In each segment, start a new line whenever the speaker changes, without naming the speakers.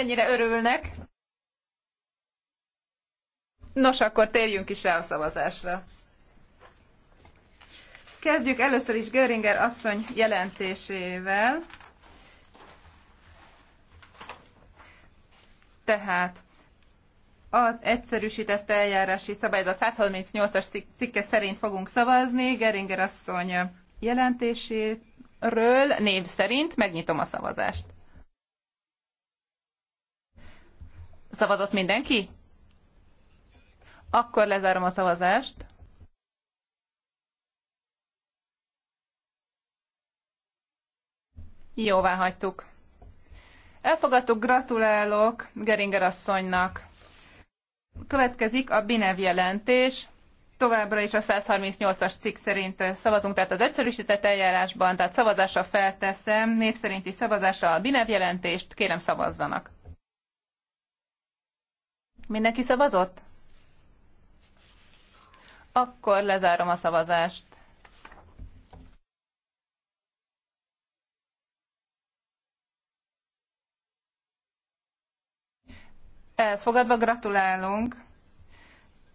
ennyire örülnek. Nos, akkor térjünk is rá a szavazásra. Kezdjük először is Göringer asszony jelentésével. Tehát az egyszerűsített eljárási szabályzat 138-as cikke szerint fogunk szavazni Geringer asszony jelentéséről név szerint. Megnyitom a szavazást. Szavazott mindenki? Akkor lezárom a szavazást. Jóvá hagytuk. Elfogadtuk, gratulálok Geringer asszonynak. Következik a BINEV jelentés. Továbbra is a 138-as cikk szerint szavazunk, tehát az egyszerűsített eljárásban, tehát szavazásra felteszem, név szerinti szavazásra a BINEV jelentést, kérem szavazzanak. Mindenki szavazott? Akkor lezárom a szavazást. Elfogadva gratulálunk.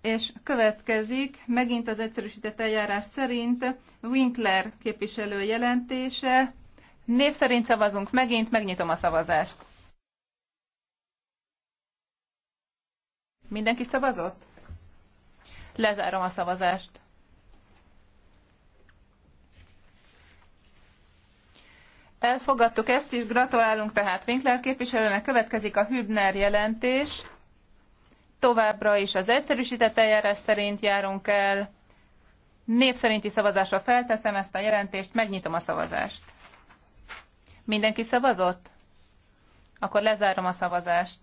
És következik megint az egyszerűsített eljárás szerint Winkler képviselő jelentése. Név szerint szavazunk megint, megnyitom a szavazást. Mindenki szavazott? Lezárom a szavazást. Elfogadtuk ezt is, gratulálunk tehát Winkler képviselőnek. Következik a Hübner jelentés. Továbbra is az egyszerűsített eljárás szerint járunk el. Név szerinti szavazásra felteszem ezt a jelentést, megnyitom a szavazást. Mindenki szavazott? Akkor lezárom a szavazást.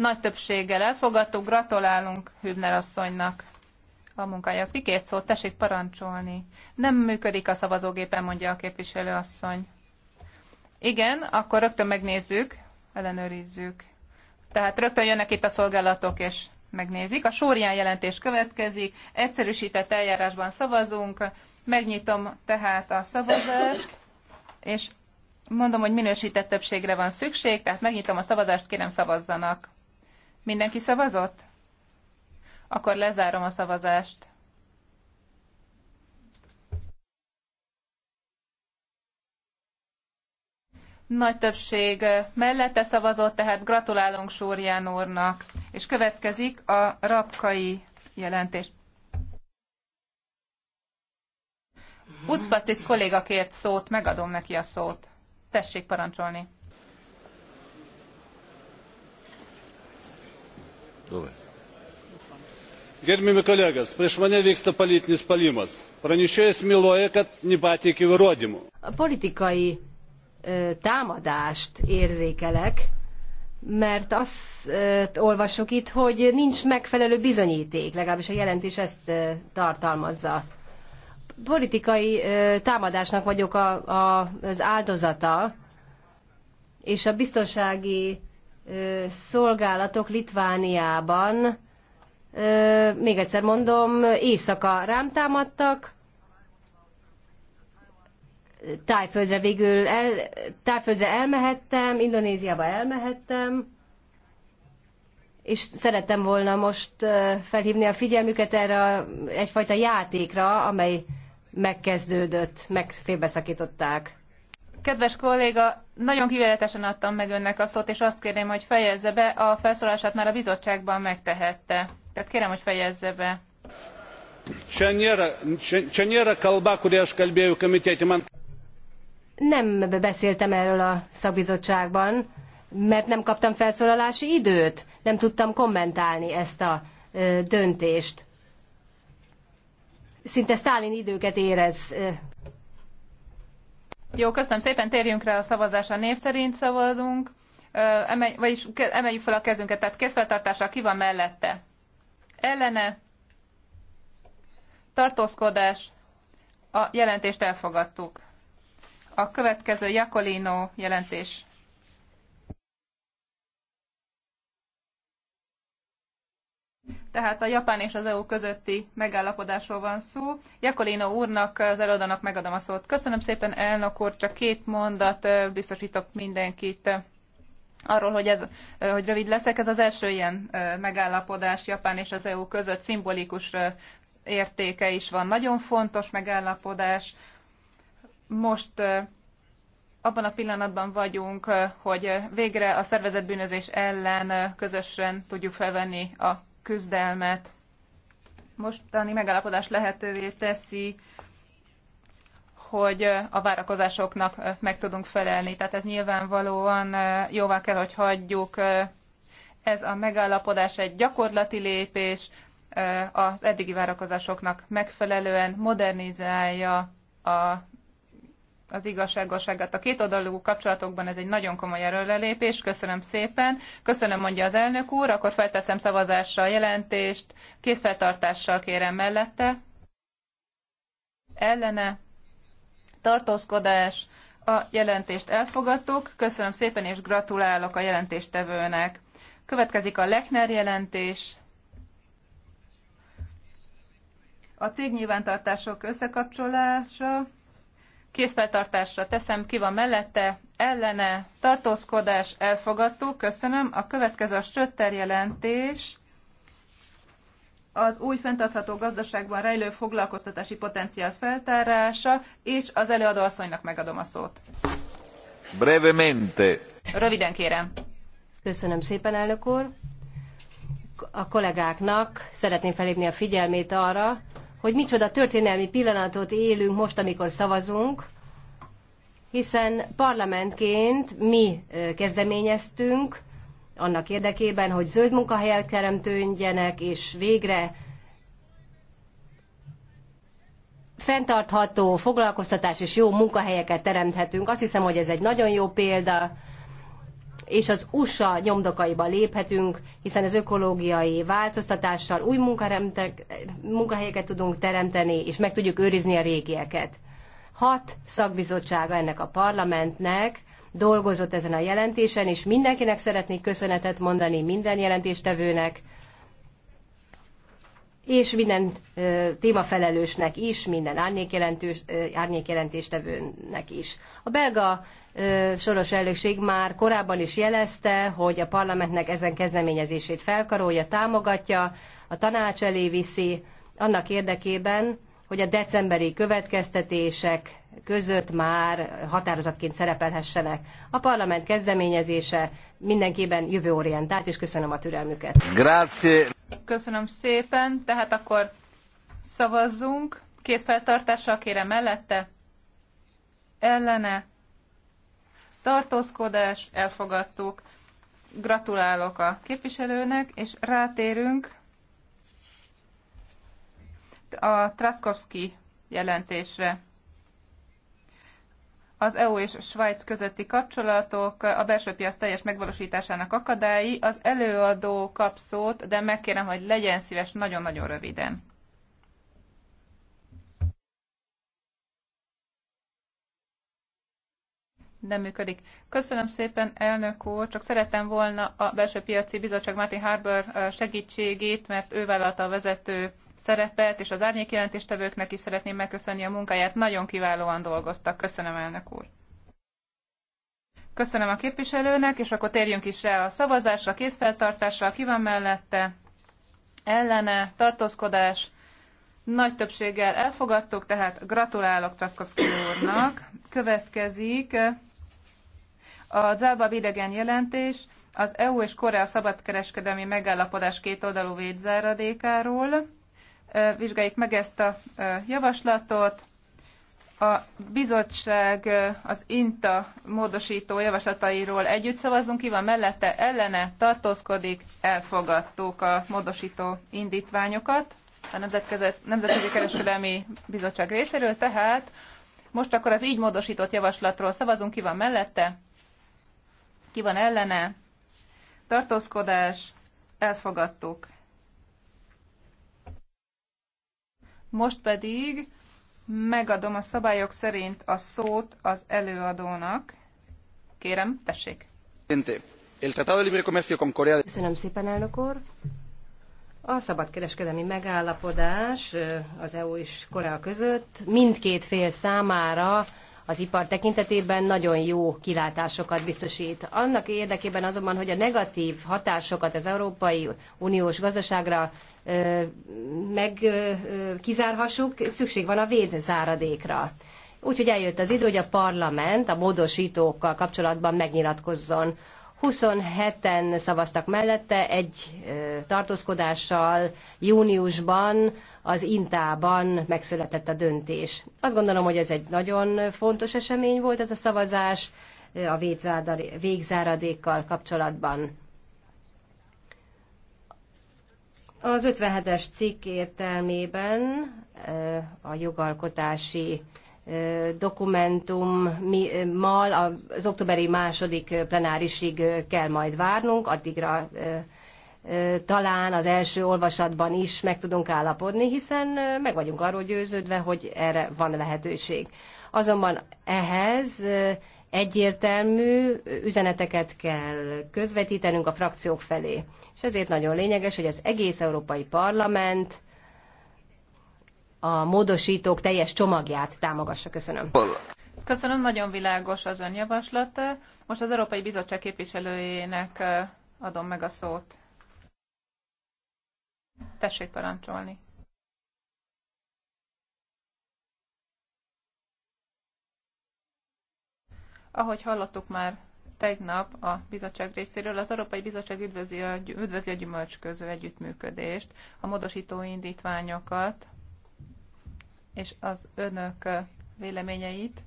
nagy többséggel elfogadtuk. Gratulálunk Hübner asszonynak a munkája. Az kikért szót, tessék parancsolni. Nem működik a szavazógépen, mondja a képviselő asszony. Igen, akkor rögtön megnézzük, ellenőrizzük. Tehát rögtön jönnek itt a szolgálatok, és megnézik. A sorján jelentés következik, egyszerűsített eljárásban szavazunk, megnyitom tehát a szavazást, és mondom, hogy minősített többségre van szükség, tehát megnyitom a szavazást, kérem szavazzanak. Mindenki szavazott? Akkor lezárom a szavazást. Nagy többség mellette szavazott, tehát gratulálunk Súrján úrnak. És következik a rabkai jelentés. Ucpasztis kolléga kért szót, megadom neki a szót. Tessék parancsolni. gerbiami kolegos prieš mane vyksta politinis puolimas pranešėjas meluoja kad nepateikė įrodymų.
E, mert azt ö, e, olvasok itt, hogy nincs megfelelő bizonyíték, legalábbis a jelentés ezt ö, e, tartalmazza. Politikai ö, támadásnak vagyok a, a, az áldozata, és a biztonsági szolgálatok Litvániában, még egyszer mondom, éjszaka rám támadtak, tájföldre végül el, tájföldre elmehettem, Indonéziába elmehettem, és szerettem volna most felhívni a figyelmüket erre a, egyfajta játékra, amely megkezdődött, meg félbeszakították.
Kedves kolléga, nagyon kivéletesen adtam meg önnek a szót, és azt kérném, hogy fejezze be, a felszólását már a bizottságban megtehette. Tehát kérem, hogy fejezze be. Nem beszéltem erről a
szakbizottságban, mert nem kaptam felszólalási időt. Nem tudtam kommentálni ezt a döntést. Szinte Sztálin időket érez
jó, köszönöm szépen, térjünk rá a szavazásra. Név szerint szavazunk, emelj, vagyis emeljük fel a kezünket, tehát készfeltartásra ki van mellette? Ellene? Tartózkodás? A jelentést elfogadtuk. A következő Jakolino jelentés Tehát a Japán és az EU közötti megállapodásról van szó. Jakolino úrnak, az előadónak megadom a szót. Köszönöm szépen, elnök úr, csak két mondat biztosítok mindenkit arról, hogy, ez, hogy rövid leszek. Ez az első ilyen megállapodás Japán és az EU között szimbolikus értéke is van. Nagyon fontos megállapodás. Most abban a pillanatban vagyunk, hogy végre a szervezetbűnözés ellen közösen tudjuk felvenni a küzdelmet. Mostani megállapodás lehetővé teszi, hogy a várakozásoknak meg tudunk felelni. Tehát ez nyilvánvalóan jóvá kell, hogy hagyjuk. Ez a megállapodás egy gyakorlati lépés, az eddigi várakozásoknak megfelelően modernizálja a az igazságosságát. A kétoldalú kapcsolatokban ez egy nagyon komoly erőlelépés. Köszönöm szépen. Köszönöm, mondja az elnök úr. Akkor felteszem szavazásra a jelentést. Készfeltartással kérem mellette. Ellene. Tartózkodás. A jelentést elfogadtuk. Köszönöm szépen, és gratulálok a jelentéstevőnek. Következik a Lechner jelentés. A cégnyilvántartások összekapcsolása készfeltartásra teszem, ki van mellette, ellene, tartózkodás, elfogadó köszönöm. A következő a Stötter jelentés az új fenntartható gazdaságban rejlő foglalkoztatási potenciál feltárása, és az előadó asszonynak megadom a szót.
Brevemente.
Röviden kérem.
Köszönöm szépen, elnök úr. A kollégáknak szeretném felhívni a figyelmét arra, hogy micsoda történelmi pillanatot élünk most, amikor szavazunk, hiszen parlamentként mi kezdeményeztünk annak érdekében, hogy zöld munkahelyek teremtődjenek, és végre fenntartható foglalkoztatás és jó munkahelyeket teremthetünk. Azt hiszem, hogy ez egy nagyon jó példa és az USA nyomdokaiba léphetünk, hiszen az ökológiai változtatással új munkahelyeket tudunk teremteni, és meg tudjuk őrizni a régieket. Hat szakbizottsága ennek a parlamentnek dolgozott ezen a jelentésen, és mindenkinek szeretnék köszönetet mondani, minden jelentéstevőnek, és minden témafelelősnek is, minden árnyékjelentéstevőnek is. A belga soros elnökség már korábban is jelezte, hogy a parlamentnek ezen kezdeményezését felkarolja, támogatja, a tanács elé viszi, annak érdekében, hogy a decemberi következtetések között már határozatként szerepelhessenek. A parlament kezdeményezése mindenképpen jövőorientált, és köszönöm a türelmüket. Grazie.
Köszönöm szépen, tehát akkor szavazzunk. Készfeltartással kérem mellette. Ellene. Tartózkodás, elfogadtuk. Gratulálok a képviselőnek, és rátérünk a Traskowski jelentésre. Az EU és Svájc közötti kapcsolatok, a belső piac teljes megvalósításának akadályi, az előadó kap szót, de megkérem, hogy legyen szíves nagyon-nagyon röviden. nem működik. Köszönöm szépen, elnök úr, csak szerettem volna a belső piaci bizottság Martin Harbour segítségét, mert ő vállalta a vezető szerepet, és az jelentéstevőknek is szeretném megköszönni a munkáját. Nagyon kiválóan dolgoztak. Köszönöm, elnök úr. Köszönöm a képviselőnek, és akkor térjünk is rá a szavazásra, a kézfeltartásra, ki van mellette, ellene, tartózkodás, nagy többséggel elfogadtuk, tehát gratulálok Traszkowski úrnak. Következik a zába idegen jelentés az EU és Korea szabadkereskedelmi megállapodás kétoldalú védzáradékáról vizsgáljuk meg ezt a javaslatot. A bizottság az INTA módosító javaslatairól együtt szavazunk, ki van mellette, ellene, tartózkodik, elfogadtuk a módosító indítványokat a Nemzetközi Kereskedelmi Bizottság részéről, tehát most akkor az így módosított javaslatról szavazunk, ki van mellette, ki van ellene, tartózkodás, elfogadtuk. Most pedig megadom a szabályok szerint a szót az előadónak. Kérem, tessék.
Köszönöm szépen, elnök úr. A szabadkereskedelmi megállapodás az EU és Korea között mindkét fél számára az ipar tekintetében nagyon jó kilátásokat biztosít. Annak érdekében azonban, hogy a negatív hatásokat az Európai Uniós gazdaságra meg kizárhassuk, szükség van a védzáradékra. Úgyhogy eljött az idő, hogy a parlament a módosítókkal kapcsolatban megnyilatkozzon 27-en szavaztak mellette, egy tartózkodással júniusban az Intában megszületett a döntés. Azt gondolom, hogy ez egy nagyon fontos esemény volt ez a szavazás a végzáradékkal kapcsolatban. Az 57-es cikk értelmében a jogalkotási dokumentummal az októberi második plenárisig kell majd várnunk, addigra talán az első olvasatban is meg tudunk állapodni, hiszen meg vagyunk arról győződve, hogy erre van lehetőség. Azonban ehhez egyértelmű üzeneteket kell közvetítenünk a frakciók felé. És ezért nagyon lényeges, hogy az egész Európai Parlament a módosítók teljes csomagját támogassa. Köszönöm.
Köszönöm, nagyon világos az ön javaslat. Most az Európai Bizottság képviselőjének eh, adom meg a szót. Tessék parancsolni. Ahogy hallottuk már tegnap a bizottság részéről, az Európai Bizottság üdvözli a, üdvözli a gyümölcsköző együttműködést, a módosító indítványokat, és az önök véleményeit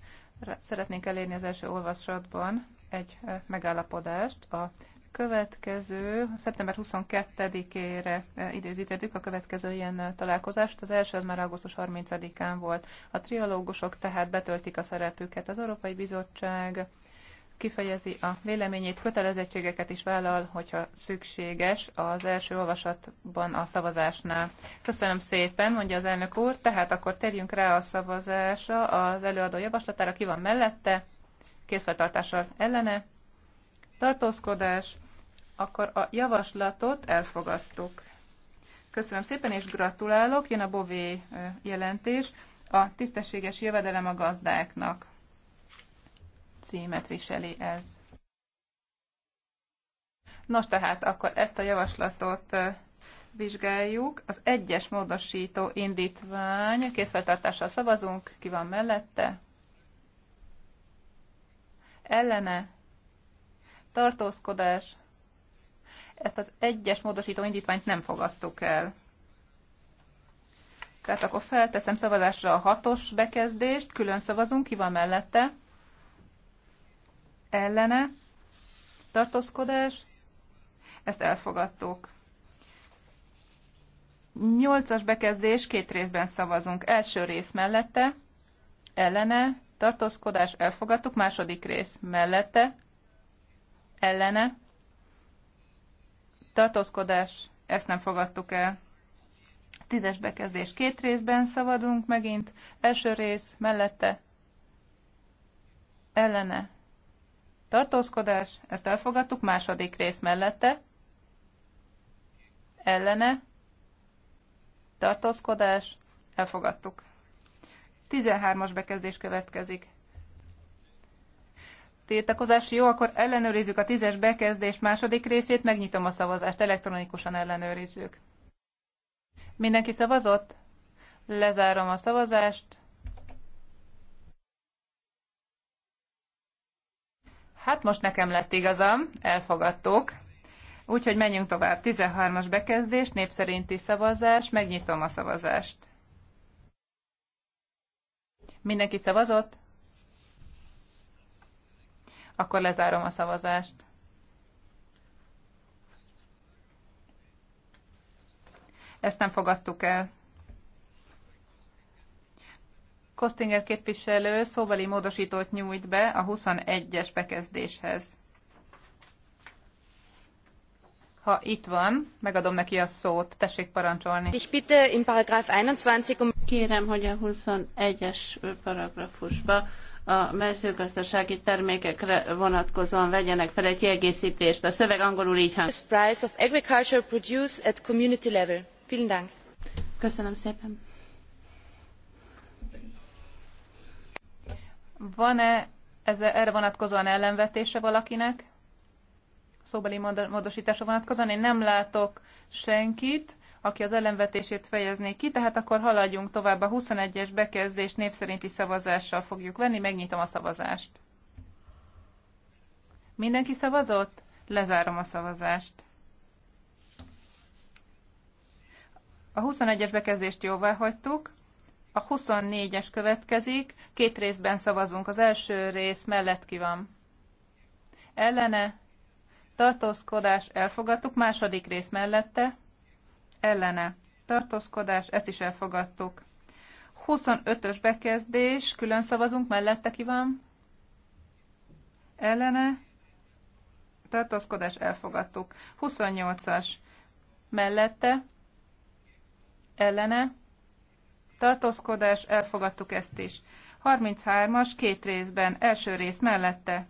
szeretnénk elérni az első olvasatban egy megállapodást a következő, szeptember 22-ére időzítettük a következő ilyen találkozást. Az első az már augusztus 30-án volt. A trialógusok tehát betöltik a szerepüket. Az Európai Bizottság kifejezi a véleményét, kötelezettségeket is vállal, hogyha szükséges az első olvasatban a szavazásnál. Köszönöm szépen, mondja az elnök úr, tehát akkor térjünk rá a szavazásra, az előadó javaslatára, ki van mellette, készfeltartással ellene, tartózkodás, akkor a javaslatot elfogadtuk. Köszönöm szépen, és gratulálok, jön a Bové jelentés, a tisztességes jövedelem a gazdáknak címet viseli ez. Nos, tehát akkor ezt a javaslatot vizsgáljuk. Az egyes módosító indítvány, készfeltartással szavazunk, ki van mellette? Ellene? Tartózkodás? Ezt az egyes módosító indítványt nem fogadtuk el. Tehát akkor felteszem szavazásra a hatos bekezdést, külön szavazunk, ki van mellette? ellene, tartózkodás, ezt elfogadtuk. Nyolcas bekezdés, két részben szavazunk. Első rész mellette, ellene, tartózkodás, elfogadtuk. Második rész mellette, ellene, tartózkodás, ezt nem fogadtuk el. Tízes bekezdés, két részben szavazunk megint. Első rész mellette, ellene, tartózkodás, ezt elfogadtuk, második rész mellette, ellene, tartózkodás, elfogadtuk. 13-as bekezdés következik. Tiltakozás jó, akkor ellenőrizzük a 10-es bekezdés második részét, megnyitom a szavazást, elektronikusan ellenőrizzük. Mindenki szavazott? Lezárom a szavazást. Hát most nekem lett igazam, elfogadtok. Úgyhogy menjünk tovább. 13-as bekezdés, népszerinti szavazás, megnyitom a szavazást. Mindenki szavazott? Akkor lezárom a szavazást. Ezt nem fogadtuk el. Kostinger képviselő szóbeli módosítót nyújt be a 21-es bekezdéshez. Ha itt van, megadom neki a szót. Tessék parancsolni. Um Kérem, hogy a 21-es paragrafusba a mezőgazdasági termékekre vonatkozóan vegyenek fel egy kiegészítést. A szöveg angolul így hangzik. Köszönöm szépen. Van-e erre vonatkozóan ellenvetése valakinek? Szóbeli módosításra vonatkozóan én nem látok senkit, aki az ellenvetését fejezné ki, tehát akkor haladjunk tovább a 21-es bekezdést népszerinti szavazással fogjuk venni, megnyitom a szavazást. Mindenki szavazott? Lezárom a szavazást. A 21-es bekezdést jóvá hagytuk, a 24-es következik, két részben szavazunk. Az első rész mellett ki van. Ellene, tartózkodás, elfogadtuk. Második rész mellette, ellene, tartózkodás, ezt is elfogadtuk. 25-ös bekezdés, külön szavazunk, mellette ki van. Ellene, tartózkodás, elfogadtuk. 28-as, mellette, ellene, tartózkodás, elfogadtuk ezt is. 33-as két részben, első rész mellette,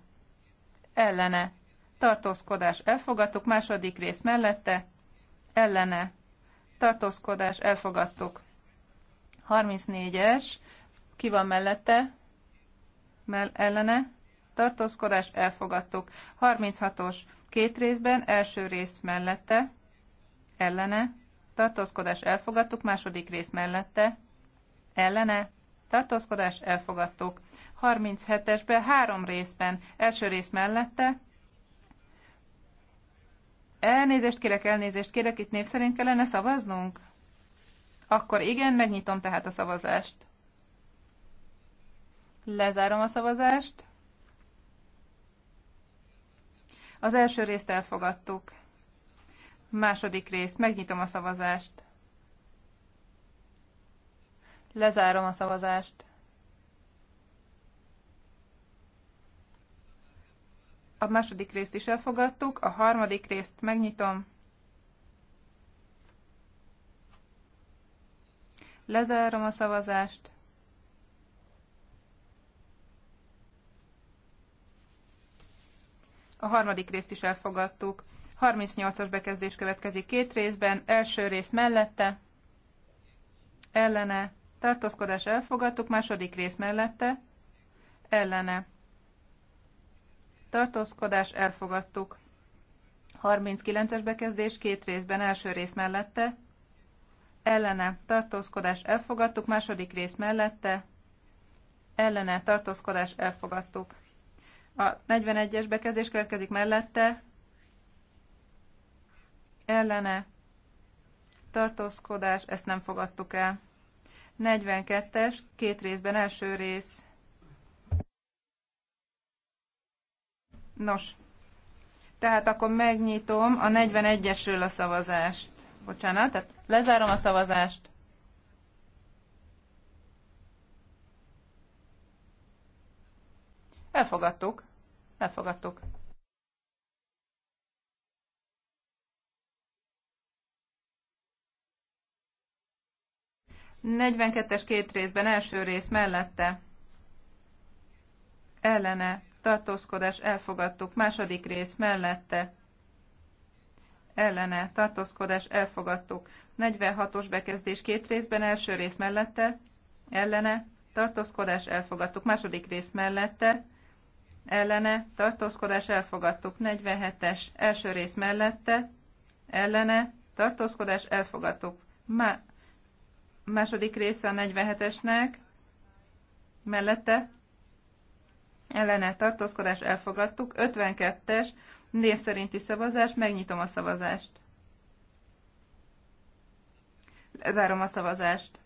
ellene, tartózkodás, elfogadtuk, második rész mellette, ellene, tartózkodás, elfogadtuk. 34-es, ki van mellette, mell ellene, tartózkodás, elfogadtuk. 36-os, két részben, első rész mellette, ellene, tartózkodás, elfogadtuk, második rész mellette, ellene, tartózkodás, elfogadtuk. 37 esben három részben, első rész mellette, Elnézést kérek, elnézést kérek, itt név szerint kellene szavaznunk? Akkor igen, megnyitom tehát a szavazást. Lezárom a szavazást. Az első részt elfogadtuk. Második rész, megnyitom a szavazást. Lezárom a szavazást. A második részt is elfogadtuk, a harmadik részt megnyitom. Lezárom a szavazást. A harmadik részt is elfogadtuk. 38-as bekezdés következik két részben, első rész mellette, ellene, tartózkodás elfogadtuk, második rész mellette, ellene, tartózkodás elfogadtuk. 39-es bekezdés két részben, első rész mellette, ellene, tartózkodás elfogadtuk, második rész mellette, ellene, tartózkodás elfogadtuk. A 41-es bekezdés következik mellette, ellene, tartózkodás, ezt nem fogadtuk el. 42-es, két részben, első rész. Nos, tehát akkor megnyitom a 41-esről a szavazást. Bocsánat, tehát lezárom a szavazást. Elfogadtuk. Elfogadtuk. 42-es két részben első rész mellette ellene tartózkodás elfogadtuk, második rész mellette ellene tartózkodás elfogadtuk, 46-os bekezdés két részben első rész mellette ellene tartózkodás elfogadtuk, második rész mellette ellene tartózkodás elfogadtuk, 47-es első rész mellette ellene tartózkodás elfogadtuk, Má- Második része a 47-esnek, mellette ellene tartózkodás elfogadtuk. 52-es név szerinti szavazás, megnyitom a szavazást. Lezárom a szavazást.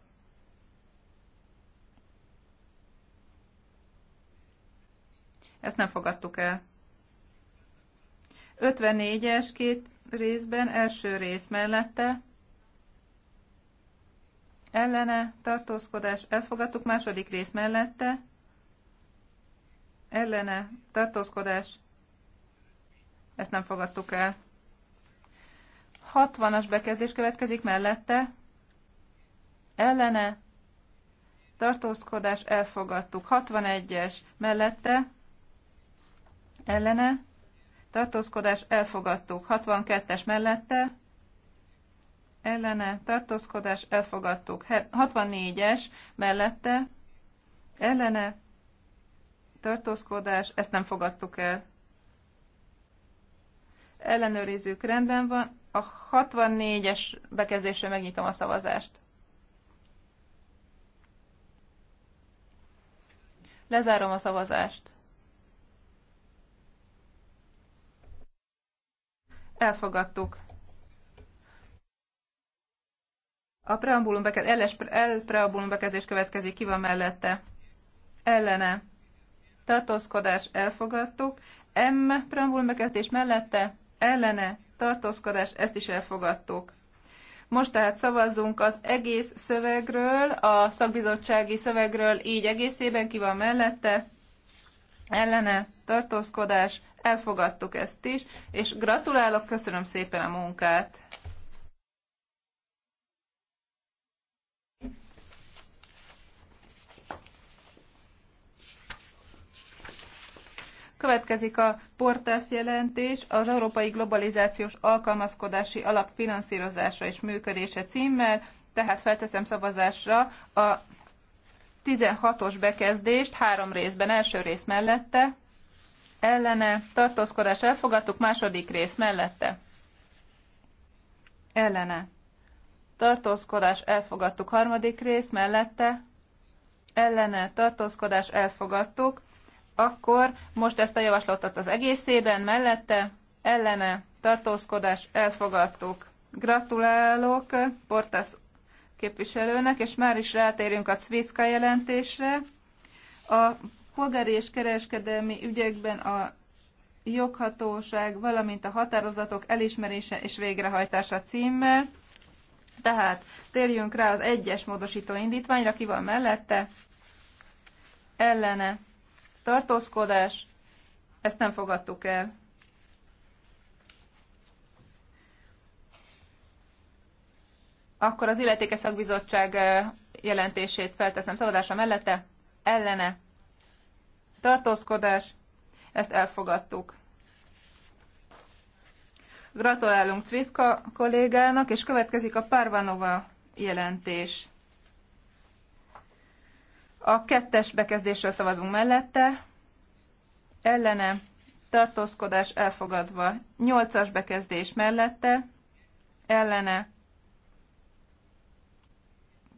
Ezt nem fogadtuk el. 54-es két részben, első rész mellette, ellene tartózkodás elfogadtuk, második rész mellette ellene tartózkodás ezt nem fogadtuk el. 60-as bekezdés következik mellette ellene tartózkodás elfogadtuk. 61-es mellette ellene tartózkodás elfogadtuk. 62-es mellette ellene tartózkodás elfogadtuk. 64-es mellette ellene tartózkodás, ezt nem fogadtuk el. Ellenőrizzük, rendben van. A 64-es bekezdésre megnyitom a szavazást. Lezárom a szavazást. Elfogadtuk. A preambulum bekezdés, el preambulum bekezdés következik, ki van mellette? Ellene. Tartózkodás elfogadtuk. M preambulum bekezdés mellette? Ellene. Tartózkodás, ezt is elfogadtuk. Most tehát szavazzunk az egész szövegről, a szakbizottsági szövegről így egészében, ki van mellette, ellene, tartózkodás, elfogadtuk ezt is, és gratulálok, köszönöm szépen a munkát! Következik a Portás jelentés az Európai Globalizációs Alkalmazkodási Alap finanszírozása és működése címmel, tehát felteszem szavazásra a 16-os bekezdést három részben, első rész mellette, ellene, tartózkodás elfogadtuk, második rész mellette, ellene, tartózkodás elfogadtuk, harmadik rész mellette, ellene, tartózkodás elfogadtuk, akkor most ezt a javaslatot az egészében, mellette, ellene, tartózkodás, elfogadtuk. Gratulálok Portas képviselőnek, és már is rátérünk a CVIFKA jelentésre. A polgári és kereskedelmi ügyekben a joghatóság, valamint a határozatok elismerése és végrehajtása címmel. Tehát térjünk rá az egyes módosító indítványra, ki van mellette, ellene, tartózkodás, ezt nem fogadtuk el. Akkor az illetékes szakbizottság jelentését felteszem szabadása mellette, ellene, tartózkodás, ezt elfogadtuk. Gratulálunk Cvivka kollégának, és következik a Párvanova jelentés. A kettes bekezdésről szavazunk mellette, ellene, tartózkodás elfogadva. Nyolcas bekezdés mellette, ellene,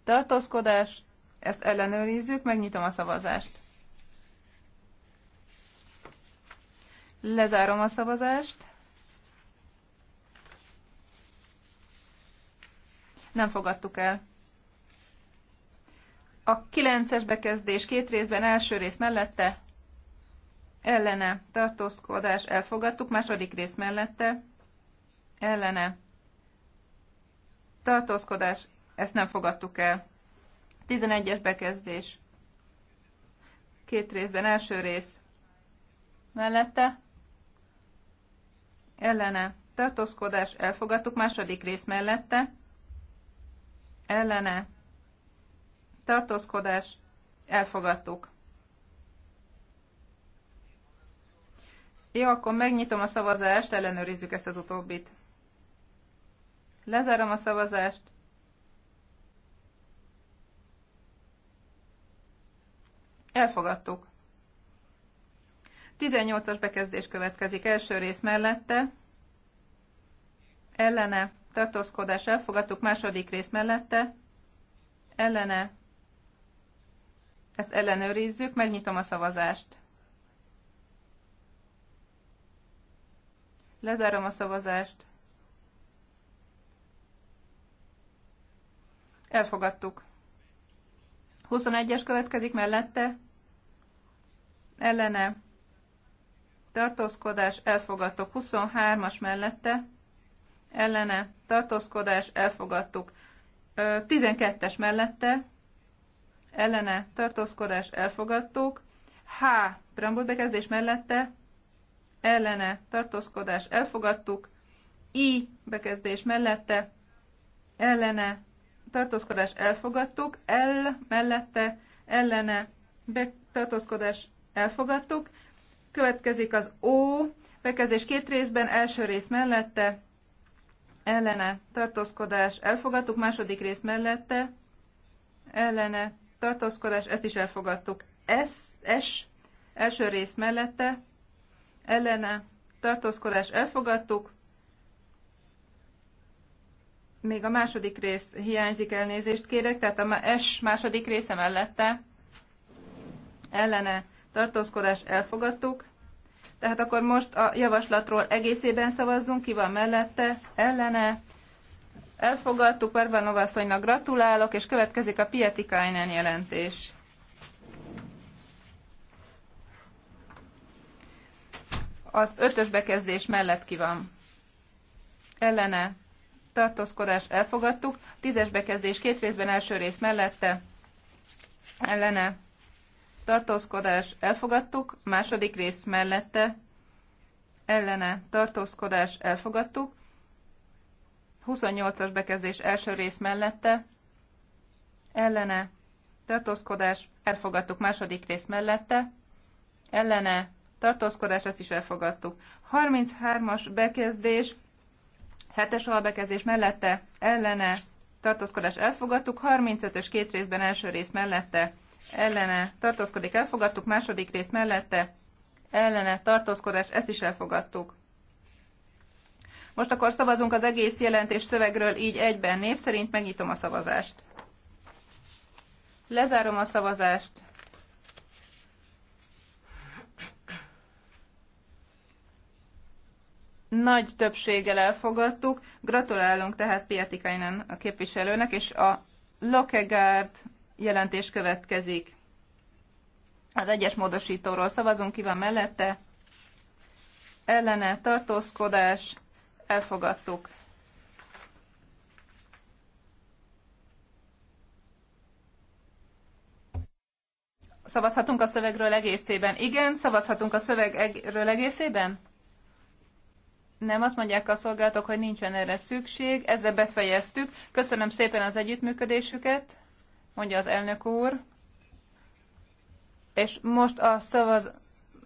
tartózkodás, ezt ellenőrizzük, megnyitom a szavazást. Lezárom a szavazást. Nem fogadtuk el. A kilences bekezdés két részben, első rész mellette, ellene, tartózkodás, elfogadtuk, második rész mellette, ellene, tartózkodás, ezt nem fogadtuk el. 11-es bekezdés. Két részben, első rész mellette, ellene, tartózkodás, elfogadtuk, második rész mellette, ellene, tartózkodás, elfogadtuk. Jó, akkor megnyitom a szavazást, ellenőrizzük ezt az utóbbit. Lezárom a szavazást. Elfogadtuk. 18-as bekezdés következik első rész mellette. Ellene, tartózkodás elfogadtuk második rész mellette. Ellene, ezt ellenőrizzük, megnyitom a szavazást. Lezárom a szavazást. Elfogadtuk. 21-es következik mellette. Ellene. Tartózkodás. Elfogadtuk. 23-as mellette. Ellene. Tartózkodás. Elfogadtuk. 12-es mellette ellene tartózkodás elfogadtuk, H preambul bekezdés mellette ellene tartózkodás elfogadtuk, I bekezdés mellette ellene tartózkodás elfogadtuk, L mellette ellene be, tartózkodás elfogadtuk, következik az O bekezdés két részben, első rész mellette ellene tartózkodás elfogadtuk, második rész mellette ellene tartózkodás, ezt is elfogadtuk. S, S első rész mellette, ellene, tartózkodás, elfogadtuk. Még a második rész hiányzik, elnézést kérek, tehát a S második része mellette, ellene, tartózkodás, elfogadtuk. Tehát akkor most a javaslatról egészében szavazzunk, ki van mellette, ellene, Elfogadtuk, Pervanov asszonynak gratulálok, és következik a Pietikainen jelentés. Az ötös bekezdés mellett ki van. Ellene tartózkodás elfogadtuk. Tízes bekezdés két részben első rész mellette. Ellene tartózkodás elfogadtuk. Második rész mellette. Ellene tartózkodás elfogadtuk 28-as bekezdés első rész mellette, ellene, tartózkodás, elfogadtuk második rész mellette, ellene, tartózkodás, ezt is elfogadtuk. 33-as bekezdés, 7-es albekezdés mellette, ellene, tartózkodás, elfogadtuk. 35-ös két részben első rész mellette, ellene, tartózkodik, elfogadtuk. Második rész mellette, ellene, tartózkodás, ezt is elfogadtuk. Most akkor szavazunk az egész jelentés szövegről így egyben. Név szerint megnyitom a szavazást. Lezárom a szavazást. Nagy többséggel elfogadtuk. Gratulálunk tehát Piatikainen a képviselőnek, és a Lokegárd jelentés következik. Az egyes módosítóról szavazunk, ki van mellette. Ellene tartózkodás, elfogadtuk. Szavazhatunk a szövegről egészében. Igen, szavazhatunk a szövegről egészében? Nem, azt mondják a szolgálatok, hogy nincsen erre szükség. Ezzel befejeztük. Köszönöm szépen az együttműködésüket, mondja az elnök úr. És most a szavaz,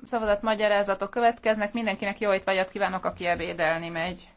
szavazat magyarázatok következnek. Mindenkinek jó étvágyat kívánok, aki ebédelni megy.